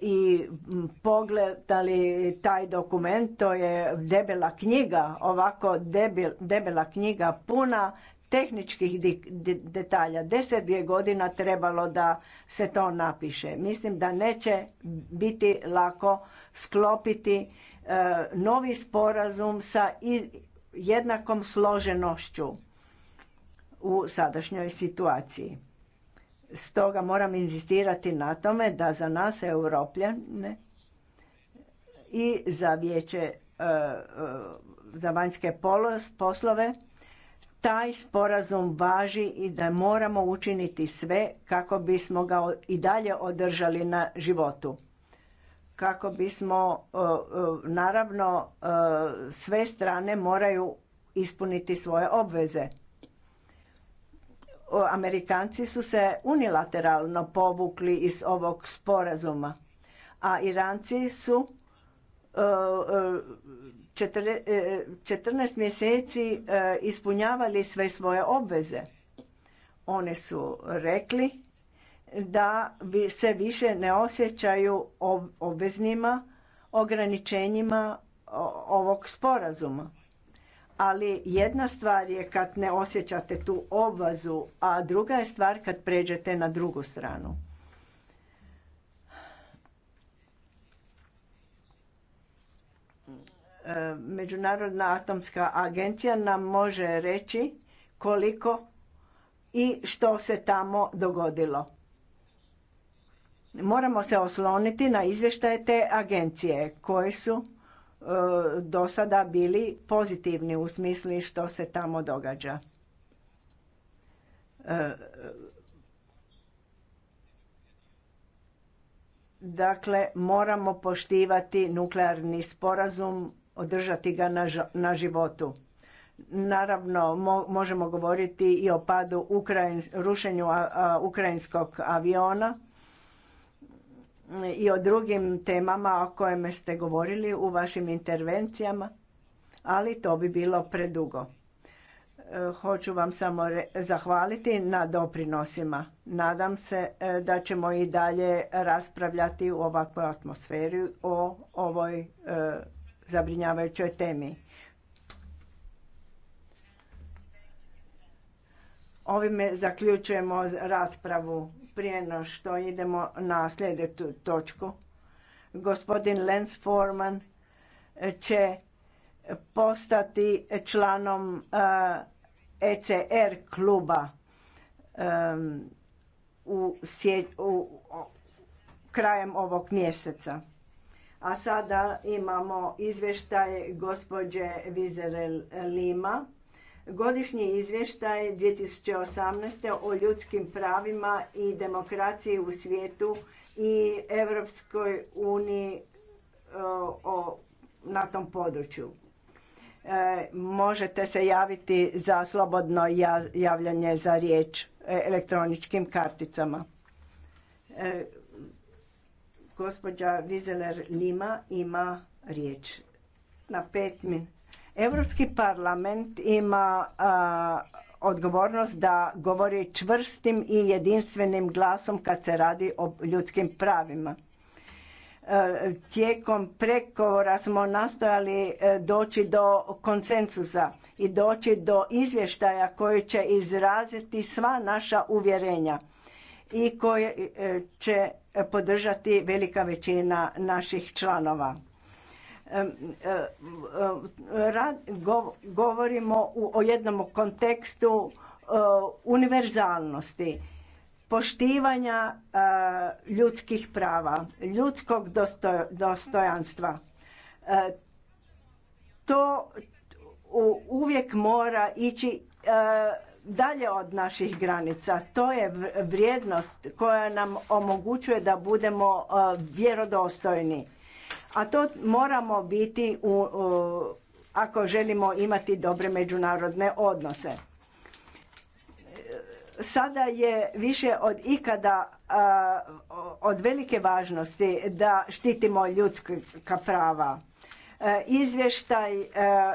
i pogledali taj dokument, to je debela knjiga, ovako debel, debela knjiga puna tehničkih detalja. Deset je godina trebalo da se to napiše. Mislim da neće biti lako sklopiti e, novi sporazum sa jednakom složenošću u sadašnjoj situaciji. Stoga moram inzistirati na tome da za nas europljane i za vijeće e, e, za vanjske poslove taj sporazum važi i da moramo učiniti sve kako bismo ga i dalje održali na životu. Kako bismo, e, naravno, sve strane moraju ispuniti svoje obveze. Amerikanci su se unilateralno povukli iz ovog sporazuma, a Iranci su 14 e, e, e, mjeseci ispunjavali sve svoje obveze. One su rekli da se više ne osjećaju obveznima ograničenjima ovog sporazuma ali jedna stvar je kad ne osjećate tu obvazu, a druga je stvar kad pređete na drugu stranu. E, Međunarodna atomska agencija nam može reći koliko i što se tamo dogodilo. Moramo se osloniti na izvještaje te agencije koje su E, do sada bili pozitivni u smislu što se tamo događa. E, dakle, moramo poštivati nuklearni sporazum, održati ga na životu. Naravno, možemo govoriti i o padu rušenju ukrajinskog aviona i o drugim temama o kojima ste govorili u vašim intervencijama, ali to bi bilo predugo. E, hoću vam samo zahvaliti na doprinosima. Nadam se e, da ćemo i dalje raspravljati u ovakvoj atmosferi o ovoj e, zabrinjavajućoj temi. Ovime zaključujemo raspravu prije no što idemo na sljedeću točku, gospodin Lenz Forman će postati članom ECR eh, e kluba u, u krajem ovog mjeseca. A sada imamo izvještaj gospođe Vizere Lima Godišnji izvještaj 2018. o ljudskim pravima i demokraciji u svijetu i Europskoj uniji e, na tom području. E, možete se javiti za slobodno javljanje za riječ e, elektroničkim karticama. E, gospođa Vizeler Lima ima riječ na pet minuta. Europski parlament ima odgovornost da govori čvrstim i jedinstvenim glasom kad se radi o ljudskim pravima. E, tijekom pregovora smo nastojali e, doći do konsenzusa i doći do izvještaja koji će izraziti sva naša uvjerenja i koje e, će podržati velika većina naših članova. Govorimo o jednom kontekstu e, univerzalnosti, poštivanja e, ljudskih prava, ljudskog dostojanstva. E, to uvijek mora ići dalje od naših granica. To je vrijednost koja nam omogućuje da budemo vjerodostojni a to moramo biti u, ako želimo imati dobre međunarodne odnose. Sada je više od ikada od velike važnosti da štitimo ljudska prava. E, izvještaj e,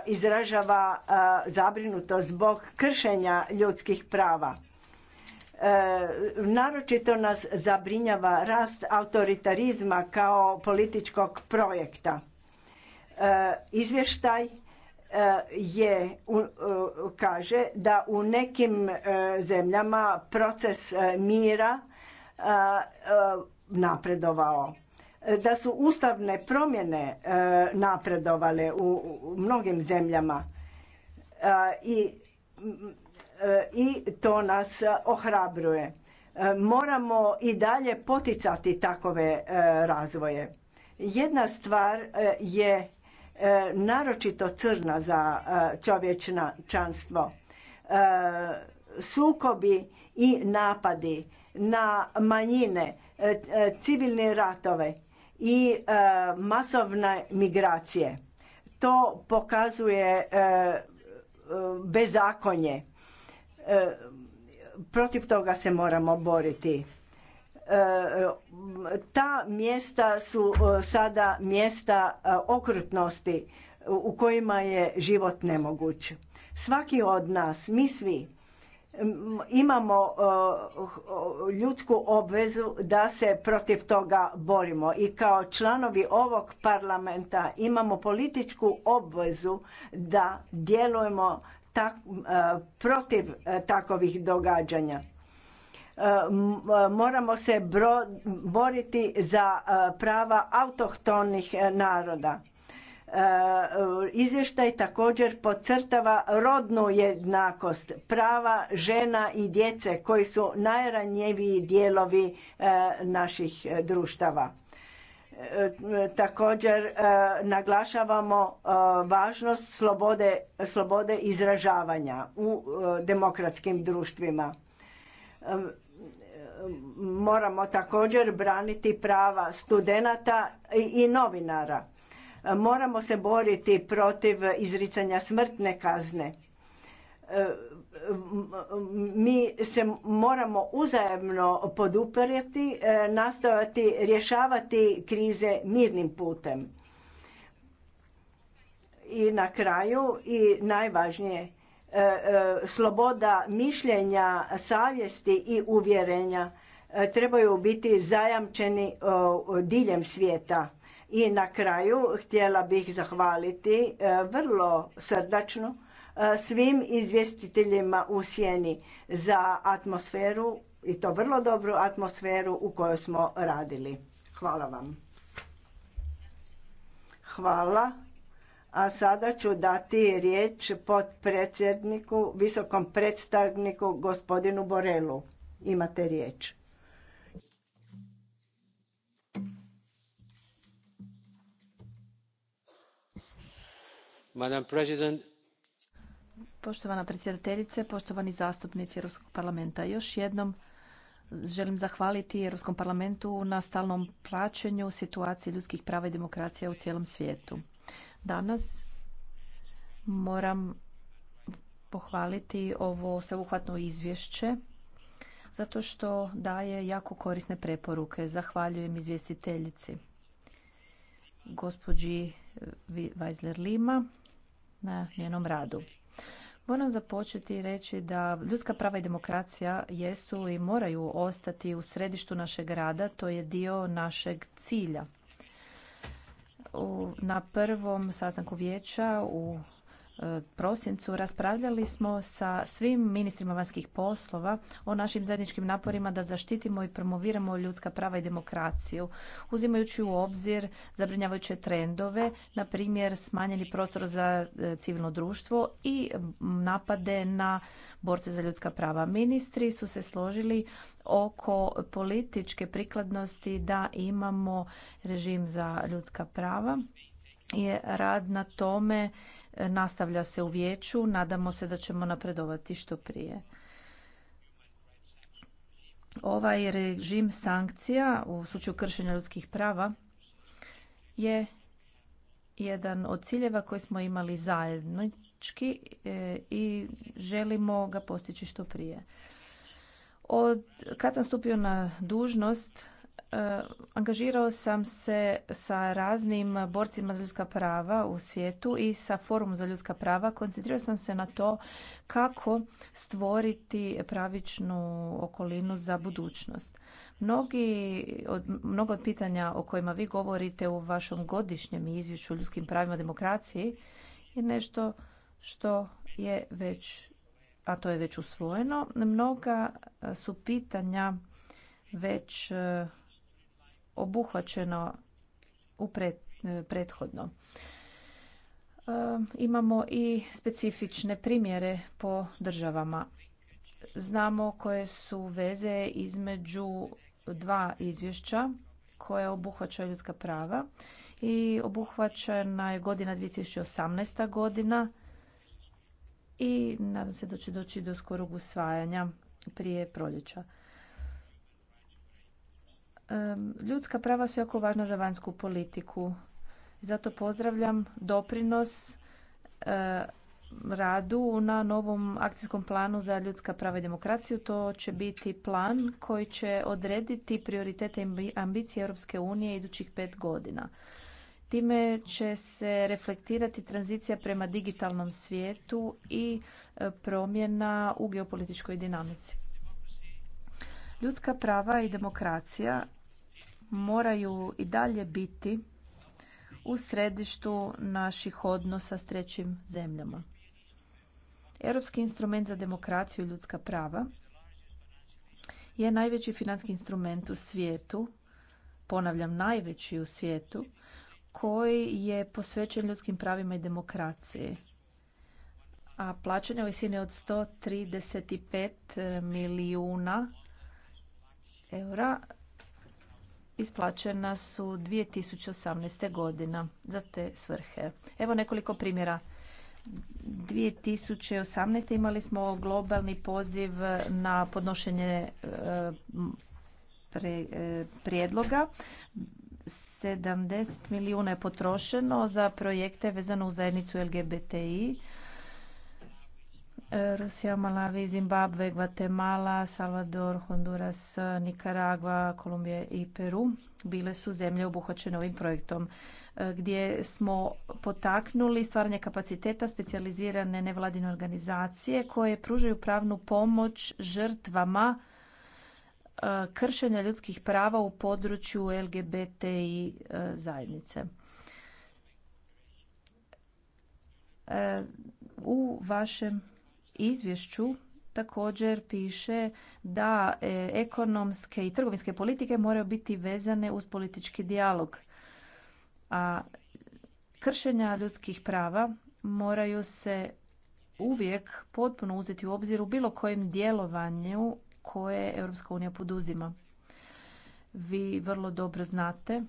izražava zabrinutost zbog kršenja ljudskih prava E, naročito nas zabrinjava rast autoritarizma kao političkog projekta. E, izvještaj e, je kaže da u nekim zemljama proces mira napredovao da su ustavne promjene napredovale u mnogim zemljama i i to nas e, ohrabruje. E, moramo i dalje poticati takove e, razvoje. Jedna stvar je naročito crna za čanstvo. Sukobi i napadi na manjine, civilne ratove i masovne migracije. To pokazuje bezakonje E, protiv toga se moramo boriti. E, ta mjesta su e, sada mjesta okrutnosti u kojima je život nemoguć. Svaki od nas, mi svi, imamo ljudsku obvezu da se protiv toga borimo i kao članovi ovog parlamenta imamo političku obvezu da djelujemo tak, e, protiv e, takovih događanja. E, moramo se boriti za prava autohtonih naroda. Izvještaj također podcrtava rodnu jednakost, prava žena i djece koji su najranjeviji dijelovi naših društava također e, naglašavamo e, važnost slobode, slobode izražavanja u e, demokratskim društvima. Moramo također braniti prava studenata i novinara. Moramo se boriti protiv izricanja smrtne kazne mi se moramo uzajemno podupirati, e, nastojati rješavati krize mirnim putem. I na kraju i najvažnije, e, e, sloboda mišljenja, savjesti i uvjerenja trebaju biti zajamčeni diljem svijeta. I na kraju htjela bih zahvaliti vrlo srdačno E, svim izvjestiteljima u sjeni za atmosferu i to vrlo dobru atmosferu u kojoj smo radili. Hvala vam. Hvala. A sada ću dati riječ potpredsjedniku, visokom predstavniku gospodinu Borelu. Imate riječ. Madam President, Poštovana predsjedateljice, poštovani zastupnici Europskog parlamenta, još jednom želim zahvaliti Europskom parlamentu na stalnom praćenju situacije ljudskih prava i demokracija u cijelom svijetu. Danas moram pohvaliti ovo sveuhvatno izvješće zato što daje jako korisne preporuke. Zahvaljujem izvjestiteljici gospođi Weisler Lima na njenom radu. Moram započeti i reći da ljudska prava i demokracija jesu i moraju ostati u središtu našeg rada, to je dio našeg cilja. Na prvom sastanku vijeća u prosincu raspravljali smo sa svim ministrima vanjskih poslova o našim zajedničkim naporima da zaštitimo i promoviramo ljudska prava i demokraciju, uzimajući u obzir zabrinjavajuće trendove, na primjer smanjeni prostor za e, civilno društvo i napade na borce za ljudska prava. Ministri su se složili oko političke prikladnosti da imamo režim za ljudska prava je rad na tome nastavlja se u vijeću. Nadamo se da ćemo napredovati što prije. Ovaj režim sankcija u slučaju kršenja ljudskih prava je jedan od ciljeva koji smo imali zajednički e, i želimo ga postići što prije. Od kad sam stupio na dužnost Eh, angažirao sam se sa raznim borcima za ljudska prava u svijetu i sa forumom za ljudska prava. Koncentrirao sam se na to kako stvoriti pravičnu okolinu za budućnost. Mnogi, od, mnogo od pitanja o kojima vi govorite u vašom godišnjem izvješću o ljudskim pravima demokraciji je nešto što je već, a to je već usvojeno. Mnoga su pitanja već eh, obuhvaćeno u e, prethodno. E, imamo i specifične primjere po državama. Znamo koje su veze između dva izvješća koje obuhvaćaju ljudska prava i obuhvaćena je godina 2018. godina i nadam se da će doći do skorog usvajanja prije proljeća. Ljudska prava su jako važna za vanjsku politiku. Zato pozdravljam doprinos e, radu na novom akcijskom planu za ljudska prava i demokraciju. To će biti plan koji će odrediti prioritete i ambicije Europske unije idućih pet godina. Time će se reflektirati tranzicija prema digitalnom svijetu i e, promjena u geopolitičkoj dinamici. Ljudska prava i demokracija moraju i dalje biti u središtu naših odnosa s trećim zemljama. Europski instrument za demokraciju i ljudska prava je najveći financijski instrument u svijetu, ponavljam najveći u svijetu, koji je posvećen ljudskim pravima i demokraciji. A plaćanje u visini od 135 milijuna eura isplaćena su 2018. godina za te svrhe. Evo nekoliko primjera. 2018. imali smo globalni poziv na podnošenje e, e, prijedloga. 70 milijuna je potrošeno za projekte vezano u zajednicu LGBTI Rusija, Malavi, Zimbabwe, Guatemala, Salvador, Honduras, Nikaragva, Kolumbija i Peru bile su zemlje obuhvaćene ovim projektom e, gdje smo potaknuli stvaranje kapaciteta specijalizirane nevladine organizacije koje pružaju pravnu pomoć žrtvama e, kršenja ljudskih prava u području i e, zajednice. U vašem izvješću također piše da e, ekonomske i trgovinske politike moraju biti vezane uz politički dijalog a kršenja ljudskih prava moraju se uvijek potpuno uzeti u obzir u bilo kojem djelovanju koje Europska unija poduzima. Vi vrlo dobro znate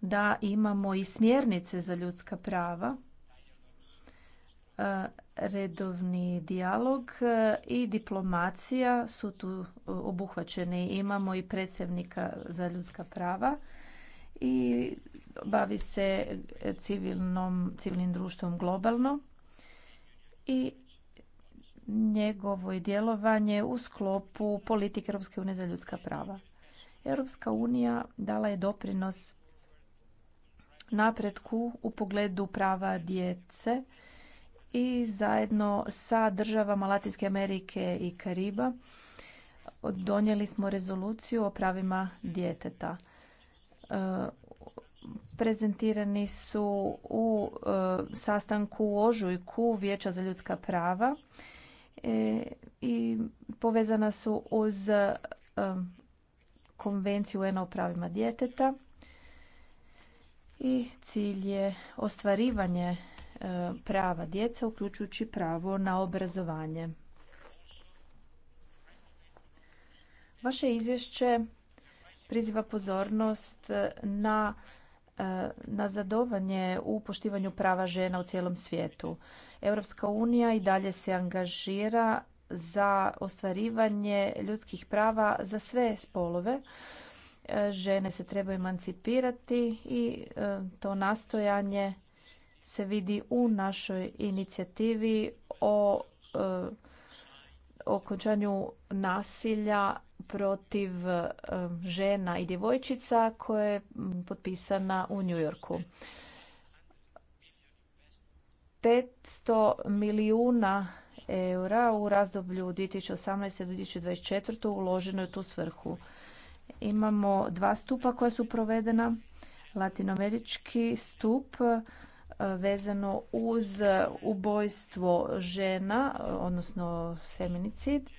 da imamo i smjernice za ljudska prava redovni dijalog e, i diplomacija su tu e, obuhvaćeni. Imamo i predsjednika za ljudska prava i bavi se civilnom, civilnim društvom globalno i njegovo djelovanje u sklopu politike Europske unije za ljudska prava. Europska unija dala je doprinos napretku u pogledu prava djece i zajedno sa državama Latinske Amerike i Kariba donijeli smo rezoluciju o pravima djeteta. E, prezentirani su u e, sastanku u Ožujku Vijeća za ljudska prava e, i povezana su uz konvenciju un o pravima djeteta i cilj je ostvarivanje E, prava djeca, uključujući pravo na obrazovanje. Vaše izvješće priziva pozornost e, na zadovanje u poštivanju prava žena u cijelom svijetu. Europska unija i dalje se angažira za ostvarivanje ljudskih prava za sve spolove. E, žene se trebaju emancipirati i to nastojanje se vidi u našoj inicijativi o e, okončanju nasilja protiv e, žena i djevojčica koja je potpisana u New Yorku. 500 milijuna eura u razdoblju 2018. do 2024. uloženo je tu svrhu. Imamo dva stupa koja su provedena. Latinoamerički stup vezano uz ubojstvo žena, odnosno feminicid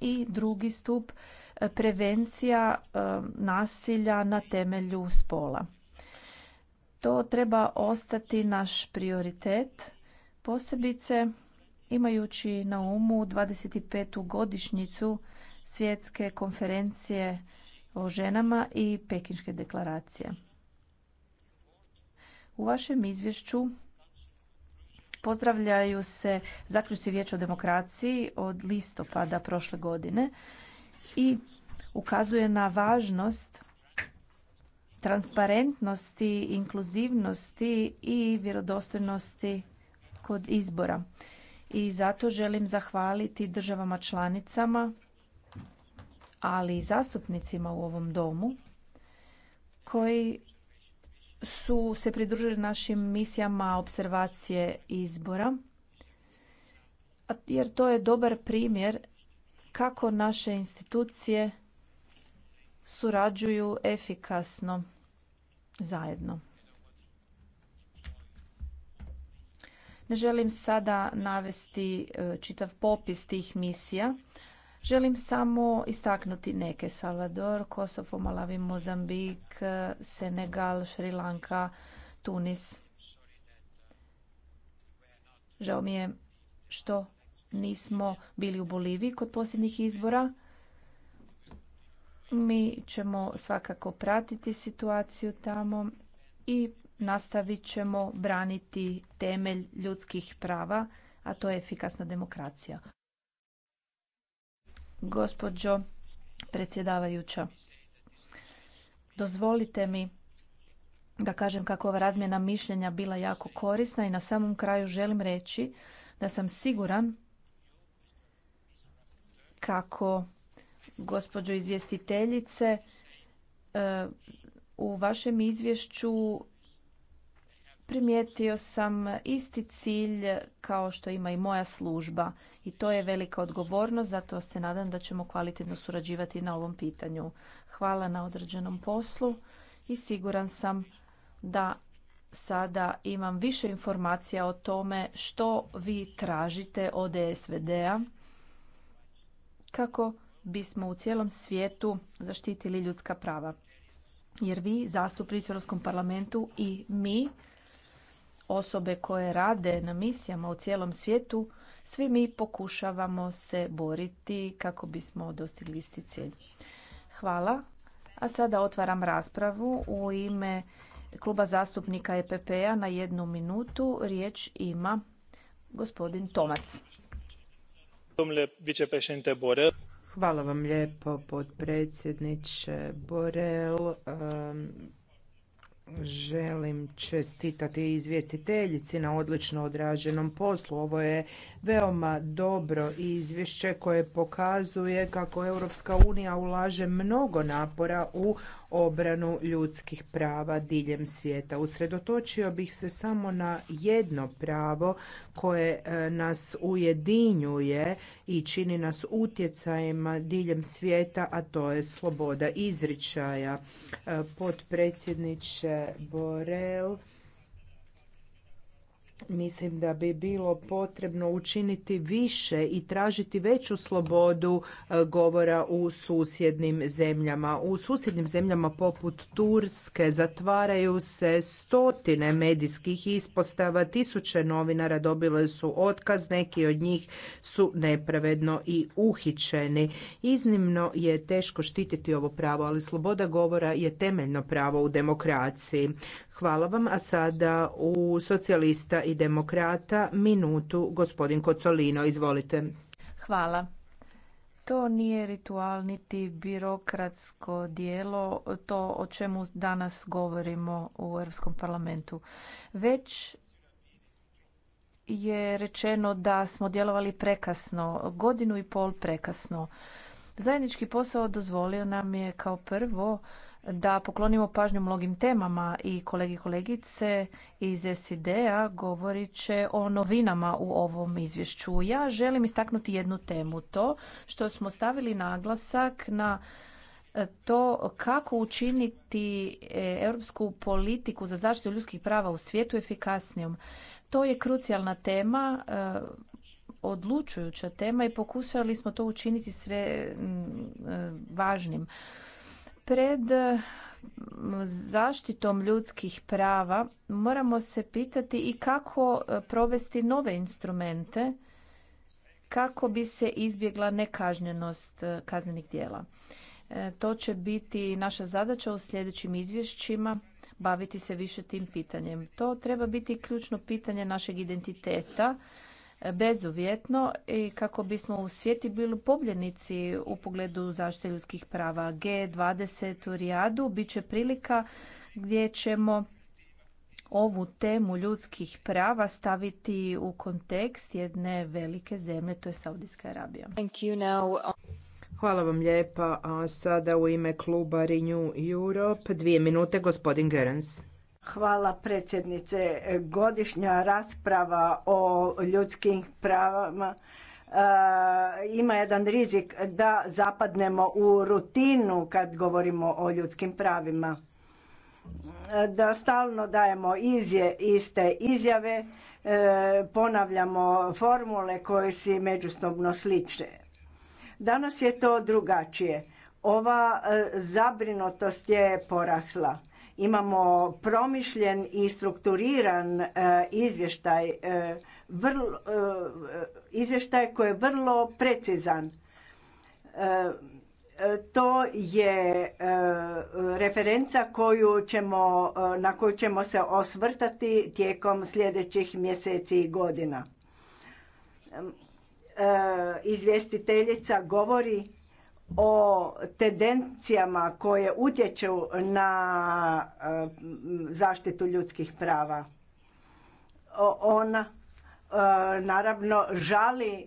i drugi stup e, prevencija e, nasilja na temelju spola. To treba ostati naš prioritet, posebice imajući na umu 25. godišnjicu svjetske konferencije o ženama i pekinške deklaracije. U vašem izvješću pozdravljaju se zaključci Vijeća o demokraciji od listopada prošle godine i ukazuje na važnost transparentnosti, inkluzivnosti i vjerodostojnosti kod izbora. I zato želim zahvaliti državama članicama, ali i zastupnicima u ovom domu koji su se pridružili našim misijama observacije izbora jer to je dobar primjer kako naše institucije surađuju efikasno zajedno. Ne želim sada navesti e, čitav popis tih misija Želim samo istaknuti neke. Salvador, Kosovo, Malavi, Mozambik, eh, Senegal, Šri Lanka, Tunis. Žao mi je što nismo bili u Boliviji kod posljednjih izbora. Mi ćemo svakako pratiti situaciju tamo i nastavit ćemo braniti temelj ljudskih prava, a to je efikasna demokracija. Gospođo predsjedavajuća, dozvolite mi da kažem kako ova razmjena mišljenja bila jako korisna i na samom kraju želim reći da sam siguran kako gospođo izvjestiteljice e, u vašem izvješću primijetio sam isti cilj kao što ima i moja služba i to je velika odgovornost, zato se nadam da ćemo kvalitetno surađivati na ovom pitanju. Hvala na određenom poslu i siguran sam da sada imam više informacija o tome što vi tražite od esvd a kako bismo u cijelom svijetu zaštitili ljudska prava. Jer vi, zastupnici u Europskom parlamentu i mi osobe koje rade na misijama u cijelom svijetu, svi mi pokušavamo se boriti kako bismo dostigli isti cilj. Hvala. A sada otvaram raspravu u ime kluba zastupnika EPP-a na jednu minutu. Riječ ima gospodin Tomac. Hvala vam lijepo, potpredsjedniče Borel. Želim čestitati izvjestiteljici na odlično odrađenom poslu. Ovo je veoma dobro izvješće koje pokazuje kako Europska unija ulaže mnogo napora u obranu ljudskih prava diljem svijeta. Usredotočio bih se samo na jedno pravo koje e, nas ujedinjuje i čini nas utjecajima diljem svijeta, a to je sloboda izričaja. E, potpredsjedniče Borel, mislim da bi bilo potrebno učiniti više i tražiti veću slobodu e, govora u susjednim zemljama. U susjednim zemljama poput Turske zatvaraju se stotine medijskih ispostava, tisuće novinara dobile su otkaz, neki od njih su nepravedno i uhićeni. Iznimno je teško štititi ovo pravo, ali sloboda govora je temeljno pravo u demokraciji. Hvala vam, a sada u socijalista i demokrata minutu gospodin Kocolino, izvolite. Hvala. To nije ritual niti birokratsko dijelo, to o čemu danas govorimo u Europskom parlamentu. Već je rečeno da smo djelovali prekasno, godinu i pol prekasno. Zajednički posao dozvolio nam je kao prvo da poklonimo pažnju mnogim temama i kolegi kolegice iz SID-a govorit će o novinama u ovom izvješću. Ja želim istaknuti jednu temu, to što smo stavili naglasak na e, to kako učiniti e, europsku politiku za zaštitu ljudskih prava u svijetu efikasnijom. To je krucijalna tema e, odlučujuća tema i pokušali smo to učiniti sve važnim. Pred eh, zaštitom ljudskih prava moramo se pitati i kako eh, provesti nove instrumente kako bi se izbjegla nekažnjenost eh, kaznenih djela. To će biti naša zadaća u sljedećim izvješćima baviti se više tim pitanjem. To treba biti ključno pitanje našeg identiteta bezuvjetno i kako bismo u svijeti bili pobljenici u pogledu zaštite ljudskih prava. G20 u Rijadu bit će prilika gdje ćemo ovu temu ljudskih prava staviti u kontekst jedne velike zemlje, to je Saudijska Arabija. Hvala vam lijepa. A sada u ime kluba Renew Europe dvije minute gospodin Gerens. Hvala predsjednice. Godišnja rasprava o ljudskim pravama ima jedan rizik da zapadnemo u rutinu kad govorimo o ljudskim pravima. Da stalno dajemo izje, iste izjave, e, ponavljamo formule koje si međusobno slične. Danas je to drugačije. Ova e, zabrinutost je porasla Imamo promišljen i strukturiran e, izvještaj, e, e, izvještaj koji je vrlo precizan. To je referenca koju ćemo, na koju ćemo se osvrtati tijekom sljedećih mjeseci i godina. Izvjestiteljica govori o tendencijama koje utječu na e, zaštitu ljudskih prava. Ona e, naravno žali e,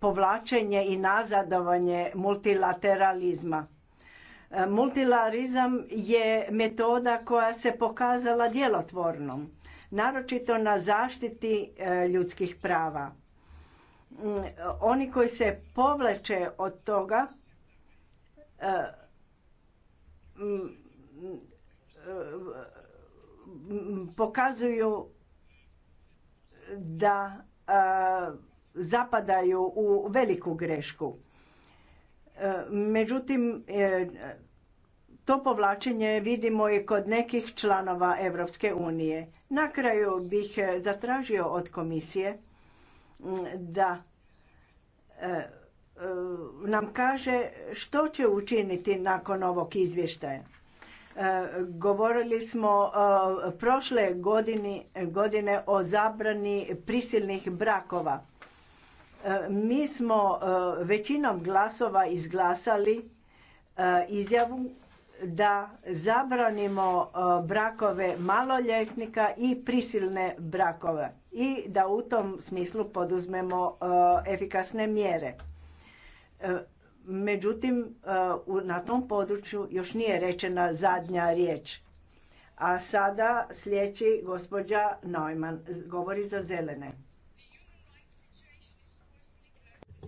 povlačenje i nazadovanje multilateralizma. Multilarizam je metoda koja se pokazala djelotvornom, naročito na zaštiti ljudskih prava. Mm, oni koji se povlače od toga pokazuju da zapadaju u veliku grešku. E, međutim, e, to povlačenje vidimo i kod nekih članova Evropske unije. Na kraju bih e, zatražio od komisije da E, nam kaže što će učiniti nakon ovog izvještaja. E, govorili smo e, prošle godine, godine o zabrani prisilnih brakova. Mi smo većinom glasova izglasali izjavu da zabranimo brakove maloljetnika i prisilne brakove i da u tom smislu poduzmemo efikasne mjere. E, međutim, e, na tom području još nije rečena zadnja riječ. A sada sljedeći, gospođa Neumann, govori za zelene.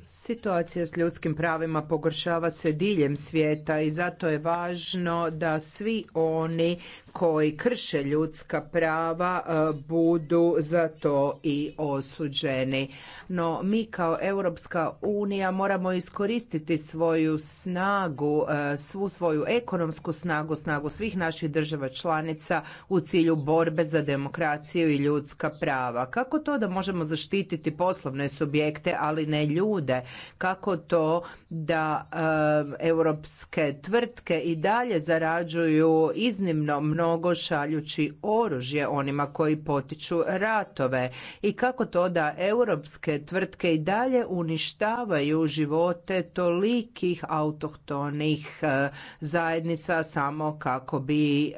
Situacija s ljudskim pravima pogoršava se diljem svijeta i zato je važno da svi oni koji krše ljudska prava e, budu za to i osuđeni. No mi kao Europska unija moramo iskoristiti svoju snagu, e, svu svoju ekonomsku snagu, snagu svih naših država članica u cilju borbe za demokraciju i ljudska prava. Kako to da možemo zaštititi poslovne subjekte, ali ne ljude? Kako to da e, europske tvrtke i dalje zarađuju iznimno mnogo mnogo šaljući oružje onima koji potiču ratove i kako to da europske tvrtke i dalje uništavaju živote tolikih autohtonih e, zajednica samo kako bi e,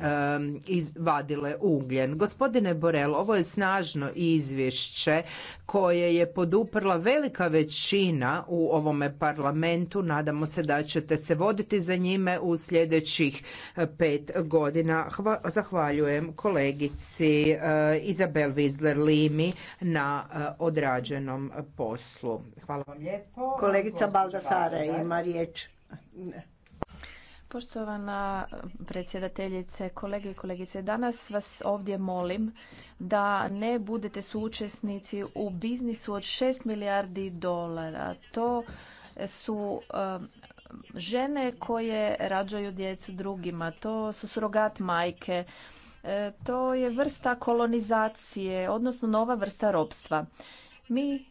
izvadile ugljen. Gospodine Borel, ovo je snažno izvješće koje je poduprla velika većina u ovome parlamentu. Nadamo se da ćete se voditi za njime u sljedećih eh, pet godina. Zahvaljujem kolegici eh, Izabel Vizler-Limi na eh, odrađenom poslu. Hvala vam lijepo. Kolegica Baldasare ima riječ. Poštovana predsjedateljice, kolege i kolegice, danas vas ovdje molim da ne budete suučesnici u biznisu od 6 milijardi dolara. To su um, žene koje rađaju djecu drugima, to su surogat majke, e, to je vrsta kolonizacije, odnosno nova vrsta ropstva. Mi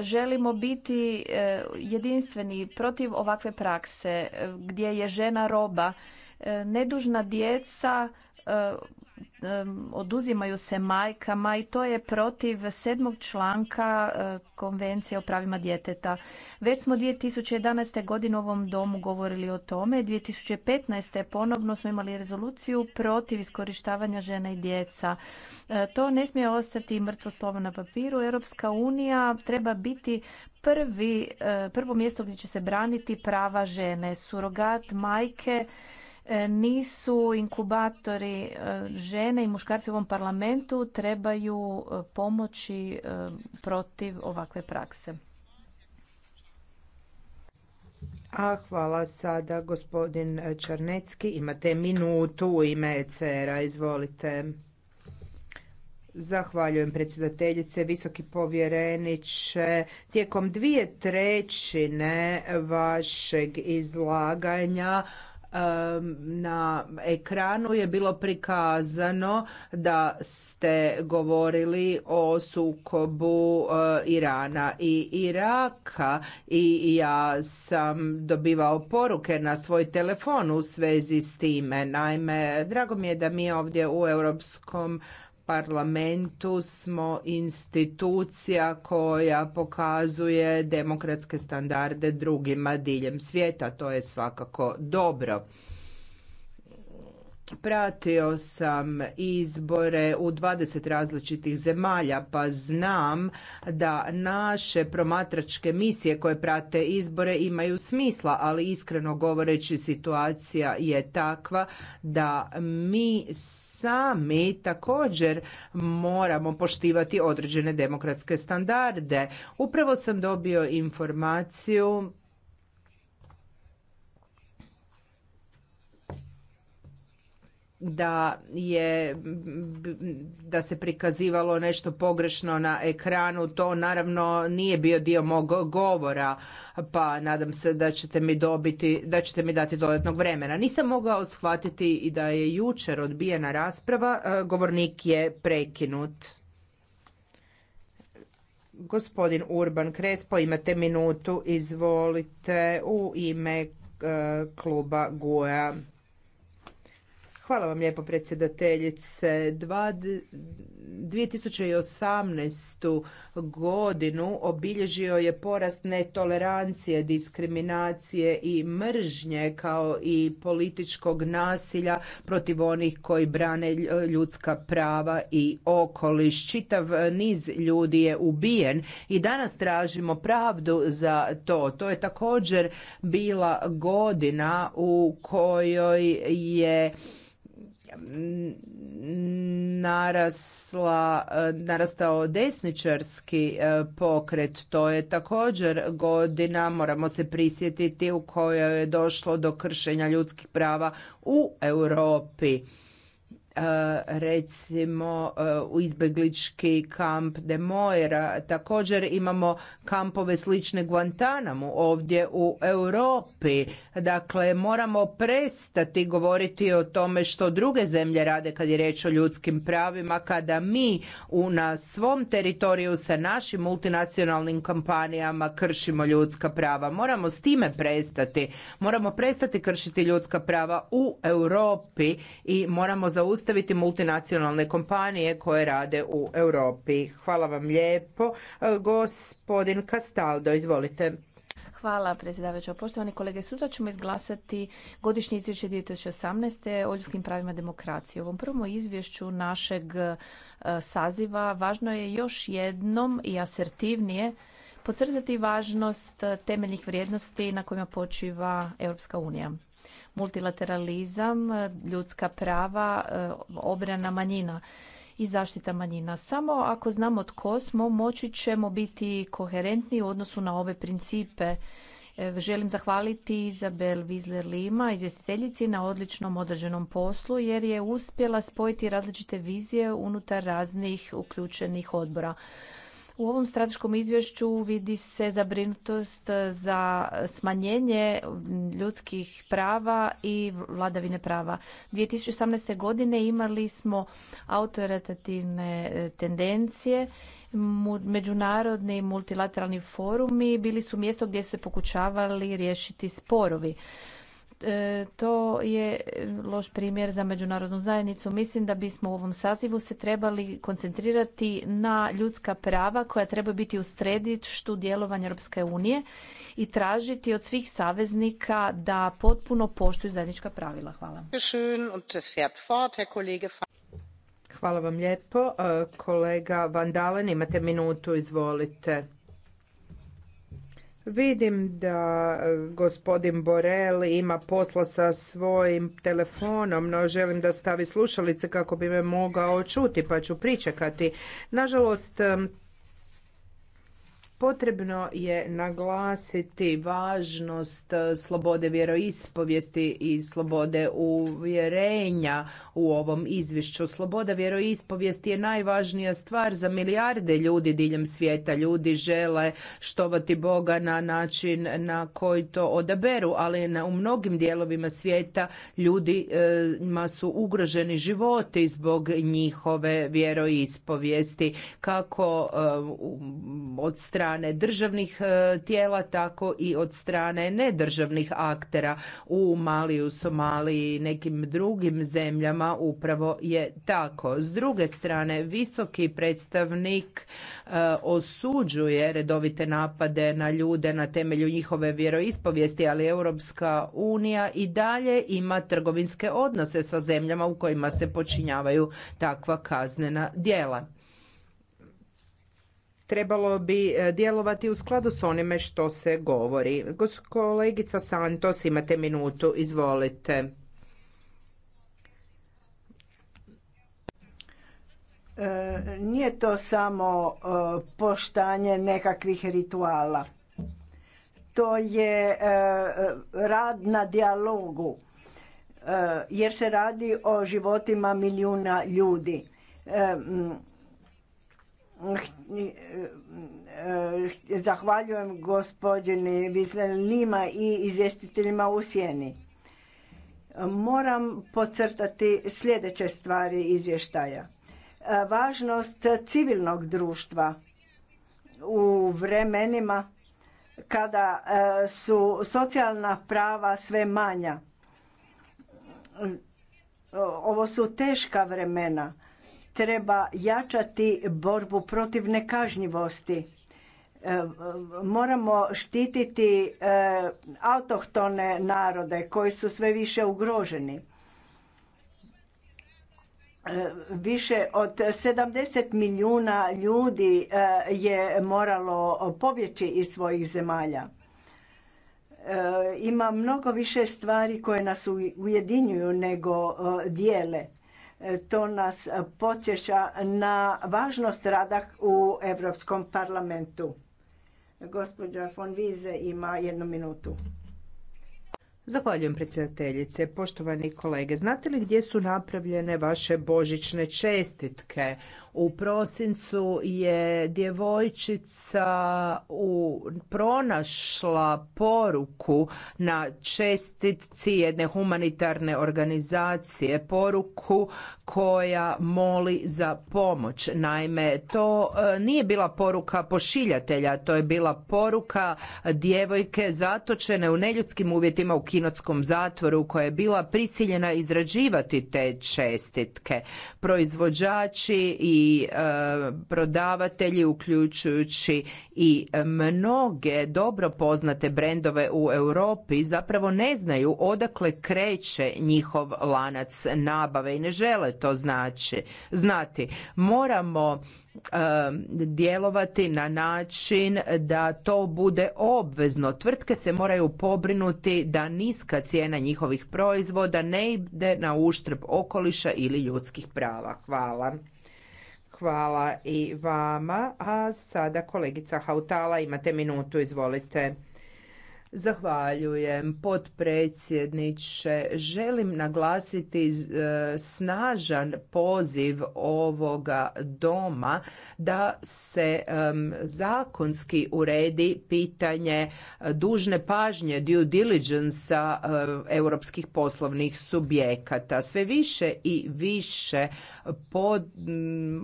želimo biti e, jedinstveni protiv ovakve prakse e, gdje je žena roba. E, nedužna djeca E, oduzimaju se majkama i to je protiv sedmog članka e, Konvencije o pravima djeteta. Već smo 2011. godine u ovom domu govorili o tome. 2015. ponovno smo imali rezoluciju protiv iskorištavanja žena i djeca. E, to ne smije ostati mrtvo slovo na papiru. Europska unija treba biti prvi, prvo mjesto gdje će se braniti prava žene. Surogat majke E, nisu inkubatori e, žene i muškarci u ovom parlamentu trebaju e, pomoći protiv ovakve prakse. A hvala sada gospodin Čarnecki. Imate minutu u ime ECR-a. Izvolite. Zahvaljujem predsjedateljice, visoki povjereniče. Tijekom dvije trećine vašeg izlaganja na ekranu je bilo prikazano da ste govorili o sukobu eh, Irana i Iraka i ja sam dobivao poruke na svoj telefon u svezi s time. Naime, drago mi je da mi ovdje u Europskom parlamentu smo institucija koja pokazuje demokratske standarde drugima diljem svijeta. To je svakako dobro. Pratio sam izbore u 20 različitih zemalja pa znam da naše promatračke misije koje prate izbore imaju smisla, ali iskreno govoreći situacija je takva da mi sami također moramo poštivati određene demokratske standarde. Upravo sam dobio informaciju da je da se prikazivalo nešto pogrešno na ekranu to naravno nije bio dio mog govora pa nadam se da ćete mi dobiti da ćete mi dati dodatnog vremena nisam mogao shvatiti i da je jučer odbijena rasprava e, govornik je prekinut gospodin Urban Krespo imate minutu izvolite u ime e, kluba GUE-a Hvala vam lijepo predsjedateljice. 2018. godinu obilježio je porast netolerancije, diskriminacije i mržnje kao i političkog nasilja protiv onih koji brane ljudska prava i okoliš. Čitav niz ljudi je ubijen i danas tražimo pravdu za to. To je također bila godina u kojoj je narasla, narastao desničarski e, pokret. To je također godina, moramo se prisjetiti, u kojoj je došlo do kršenja ljudskih prava u Europi recimo e, u izbeglički kamp de Moira. Također imamo kampove slične Guantanamo ovdje u Europi. Dakle, moramo prestati govoriti o tome što druge zemlje rade kad je riječ o ljudskim pravima, kada mi u, na svom teritoriju sa našim multinacionalnim kompanijama kršimo ljudska prava. Moramo s time prestati. Moramo prestati kršiti ljudska prava u Europi i moramo zaustaviti multinacionalne kompanije koje rade u Europi. Hvala vam lijepo. E, gospodin Castaldo, izvolite. Hvala predsjedavajuća. Poštovani kolege, sutra ćemo izglasati godišnje izvješće 2018. o ljudskim pravima demokracije. U ovom prvom izvješću našeg e, saziva važno je još jednom i asertivnije podcrtati važnost temeljnih vrijednosti na kojima počiva Europska unija multilateralizam, ljudska prava, e, obrana manjina i zaštita manjina. Samo ako znamo tko smo, moći ćemo biti koherentni u odnosu na ove principe. E, želim zahvaliti Izabel Vizler Lima, izvjestiteljici na odličnom određenom poslu jer je uspjela spojiti različite vizije unutar raznih uključenih odbora. U ovom strateškom izvješću vidi se zabrinutost za smanjenje ljudskih prava i vladavine prava. 2018. godine imali smo autoritativne e, tendencije, međunarodni i multilateralni forumi bili su mjesto gdje su se pokušavali riješiti sporovi. E, to je loš primjer za međunarodnu zajednicu. Mislim da bismo u ovom sazivu se trebali koncentrirati na ljudska prava koja treba biti u središtu djelovanja Europske unije i tražiti od svih saveznika da potpuno poštuju zajednička pravila. Hvala. Hvala vam lijepo. E, kolega Vandalen, imate minutu, izvolite. Vidim da e, gospodin Borel ima posla sa svojim telefonom, no želim da stavi slušalice kako bi me mogao čuti, pa ću pričekati. Nažalost, e, Potrebno je naglasiti važnost slobode vjeroispovijesti i slobode uvjerenja u ovom izvješću. Sloboda vjeroispovijesti je najvažnija stvar za milijarde ljudi diljem svijeta. Ljudi žele štovati Boga na način na koji to odaberu, ali na, u mnogim dijelovima svijeta ljudima e, su ugroženi životi zbog njihove vjeroispovijesti. Kako e, od strane strane državnih e, tijela, tako i od strane nedržavnih aktera u u Somaliji i nekim drugim zemljama upravo je tako. S druge strane, visoki predstavnik e, osuđuje redovite napade na ljude na temelju njihove vjeroispovijesti, ali Europska unija i dalje ima trgovinske odnose sa zemljama u kojima se počinjavaju takva kaznena djela trebalo bi e, djelovati u skladu s onime što se govori. Kolegica Santos, imate minutu, izvolite. E, nije to samo e, poštanje nekakvih rituala. To je rad na dijalogu jer se radi o životima milijuna ljudi Eh, eh, zahvaljujem gospođeni Vizlen i izvjestiteljima u Sjeni. Moram pocrtati sljedeće stvari izvještaja. Eh, važnost civilnog društva u vremenima kada su socijalna prava sve manja. Ovo su teška vremena Treba jačati borbu protiv nekažnjivosti. E, moramo štititi e, autohtone narode koji su sve više ugroženi. E, više od 70 milijuna ljudi je moralo pobjeći iz svojih zemalja. Ima mnogo više stvari koje nas ujedinjuju nego dijele. E, to nas podsjeća na važnost rada u Europskom parlamentu. Gospođa von Vize ima jednu minutu. Zahvaljujem predsjedateljice. Poštovani kolege, znate li gdje su napravljene vaše božićne čestitke? U prosincu je djevojčica u, pronašla poruku na čestitci jedne humanitarne organizacije, poruku koja moli za pomoć. Naime, to e, nije bila poruka pošiljatelja, to je bila poruka djevojke zatočene u neljudskim uvjetima u kinotskom zatvoru koja je bila prisiljena izrađivati te čestitke. Proizvođači i i e, prodavatelji uključujući i mnoge dobro poznate brendove u Europi zapravo ne znaju odakle kreće njihov lanac nabave i ne žele to znači znati moramo e, djelovati na način da to bude obvezno. Tvrtke se moraju pobrinuti da niska cijena njihovih proizvoda ne ide na uštrb okoliša ili ljudskih prava. Hvala. Hvala i vama. A sada kolegica Hautala, imate minutu, izvolite. Zahvaljujem potpredsjedniče. Želim naglasiti e, snažan poziv ovoga doma da se zakonski uredi pitanje dužne pažnje due diligence e, europskih poslovnih subjekata. Sve više i više pod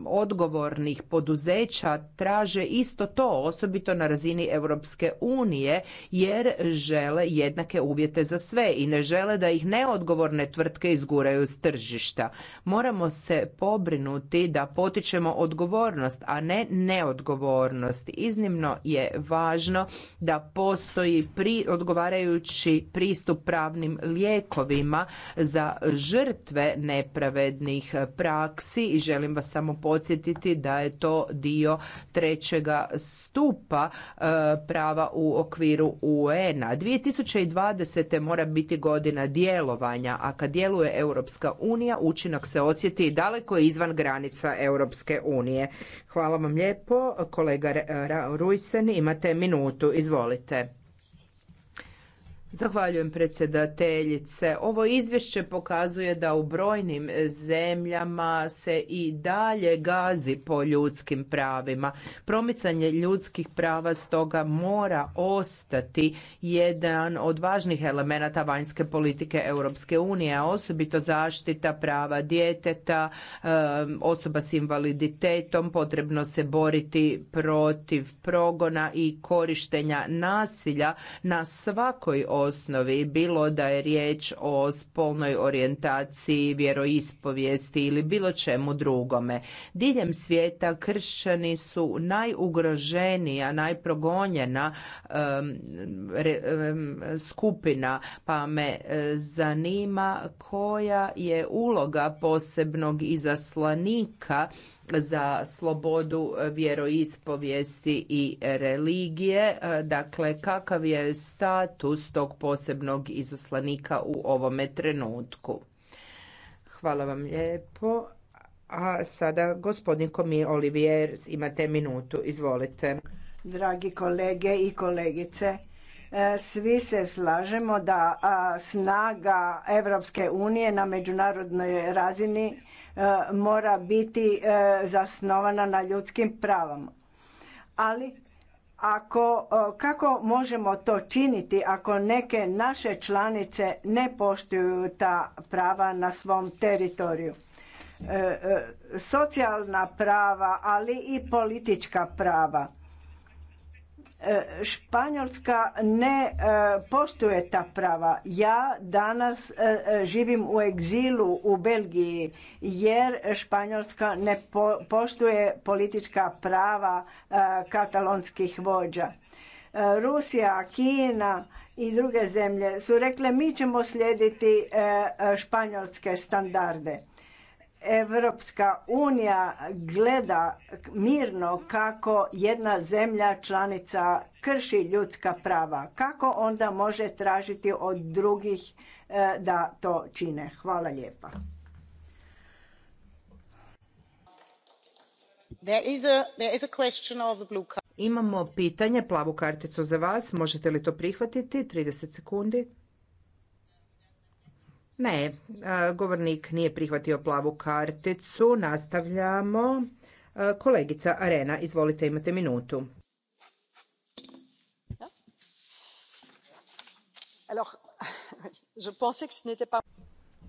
odgovornih poduzeća traže isto to, osobito na razini Europske unije jer žele jednake uvjete za sve i ne žele da ih neodgovorne tvrtke izguraju s tržišta. Moramo se pobrinuti da potičemo odgovornost, a ne neodgovornost. Iznimno je važno da postoji pri odgovarajući pristup pravnim lijekovima za žrtve nepravednih praksi i želim vas samo podsjetiti da je to dio trećega stupa e, prava u okviru UE terena. 2020. mora biti godina djelovanja, a kad djeluje Europska unija, učinak se osjeti daleko izvan granica Europske unije. Hvala vam lijepo. Kolega Rujsen, imate minutu. Izvolite. Zahvaljujem predsjedateljice. Ovo izvješće pokazuje da u brojnim zemljama se i dalje gazi po ljudskim pravima. Promicanje ljudskih prava stoga mora ostati jedan od važnih elemenata vanjske politike Europske unije, a osobito zaštita prava djeteta, osoba s invaliditetom, potrebno se boriti protiv progona i korištenja nasilja na svakoj osnovi, bilo da je riječ o spolnoj orijentaciji, vjeroispovijesti ili bilo čemu drugome. Diljem svijeta kršćani su najugroženija, najprogonjena skupina, pa me e, zanima koja je uloga posebnog izaslanika za slobodu e, vjeroispovijesti i religije. E, dakle, kakav je status tog posebnog izoslanika u ovome trenutku? Hvala vam lijepo. A sada gospodin Komi Olivier, imate minutu, izvolite. Dragi kolege i kolegice, E, svi se slažemo da snaga Europske unije na međunarodnoj razini e, mora biti e, zasnovana na ljudskim pravama. Ali ako, kako možemo to činiti ako neke naše članice ne poštuju ta prava na svom teritoriju? socijalna prava, ali i politička prava E, Španjolska ne e, poštuje ta prava. Ja danas e, živim u egzilu u Belgiji jer Španjolska ne poštuje politička prava katalonskih vođa. Rusija, Kina i druge zemlje su rekle mi ćemo slijediti španjolske standarde. Evropska unija gleda mirno kako jedna zemlja članica krši ljudska prava. Kako onda može tražiti od drugih e, da to čine? Hvala lijepa. Imamo pitanje, plavu karticu za vas. Možete li to prihvatiti? 30 sekundi. Ne, e, govornik nije prihvatio plavu karticu. Nastavljamo. E, kolegica Arena, izvolite, imate minutu.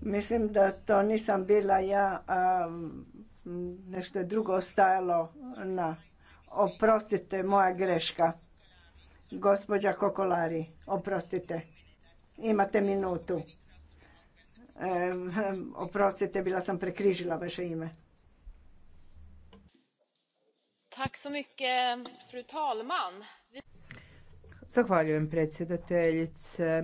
Mislim da to nisam bila ja, a mm, nešto je drugo stajalo na... Oprostite, moja greška. Gospođa Kokolari, oprostite. Imate minutu. Oprostite, bila sam prekrižila vaše ime. Tak so mycket, fru talman. Zahvaljujem predsjedateljice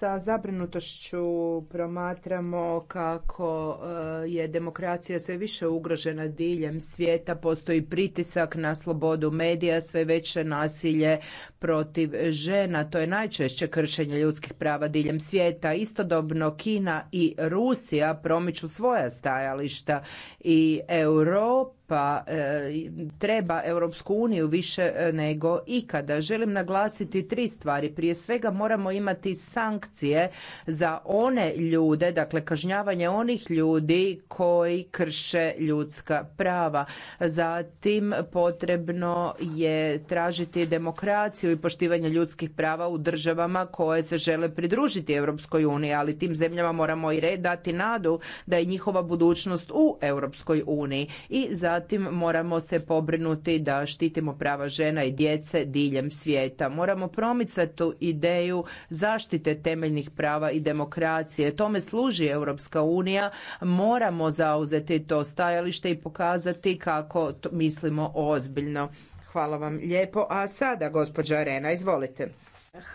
sa zabrinutošću promatramo kako e, je demokracija sve više ugrožena diljem svijeta, postoji pritisak na slobodu medija, sve veće nasilje protiv žena. To je najčešće kršenje ljudskih prava diljem svijeta. Istodobno Kina i Rusija promiču svoja stajališta i Europa Europa e, treba Europsku uniju više e, nego ikada. Želim naglasiti tri stvari. Prije svega moramo imati sankcije za one ljude, dakle kažnjavanje onih ljudi koji krše ljudska prava. Zatim potrebno je tražiti demokraciju i poštivanje ljudskih prava u državama koje se žele pridružiti Europskoj uniji, ali tim zemljama moramo i dati nadu da je njihova budućnost u Europskoj uniji. I zatim Zatim moramo se pobrinuti da štitimo prava žena i djece diljem svijeta. Moramo promicati ideju zaštite temeljnih prava i demokracije. Tome služi Europska unija. Moramo zauzeti to stajalište i pokazati kako mislimo ozbiljno. Hvala vam lijepo. A sada, gospođa Arena, izvolite.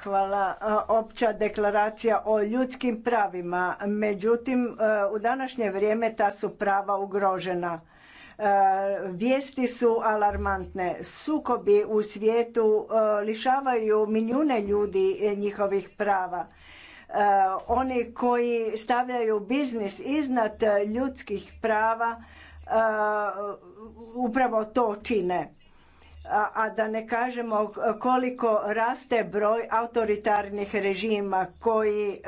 Hvala. Opća deklaracija o ljudskim pravima. Međutim, e, u današnje vrijeme ta su prava ugrožena E, vijesti su alarmantne. Sukobi u svijetu e, lišavaju milijune ljudi njihovih prava. E, oni koji stavljaju biznis iznad ljudskih prava upravo to čine. A da ne kažemo koliko raste broj autoritarnih režima koji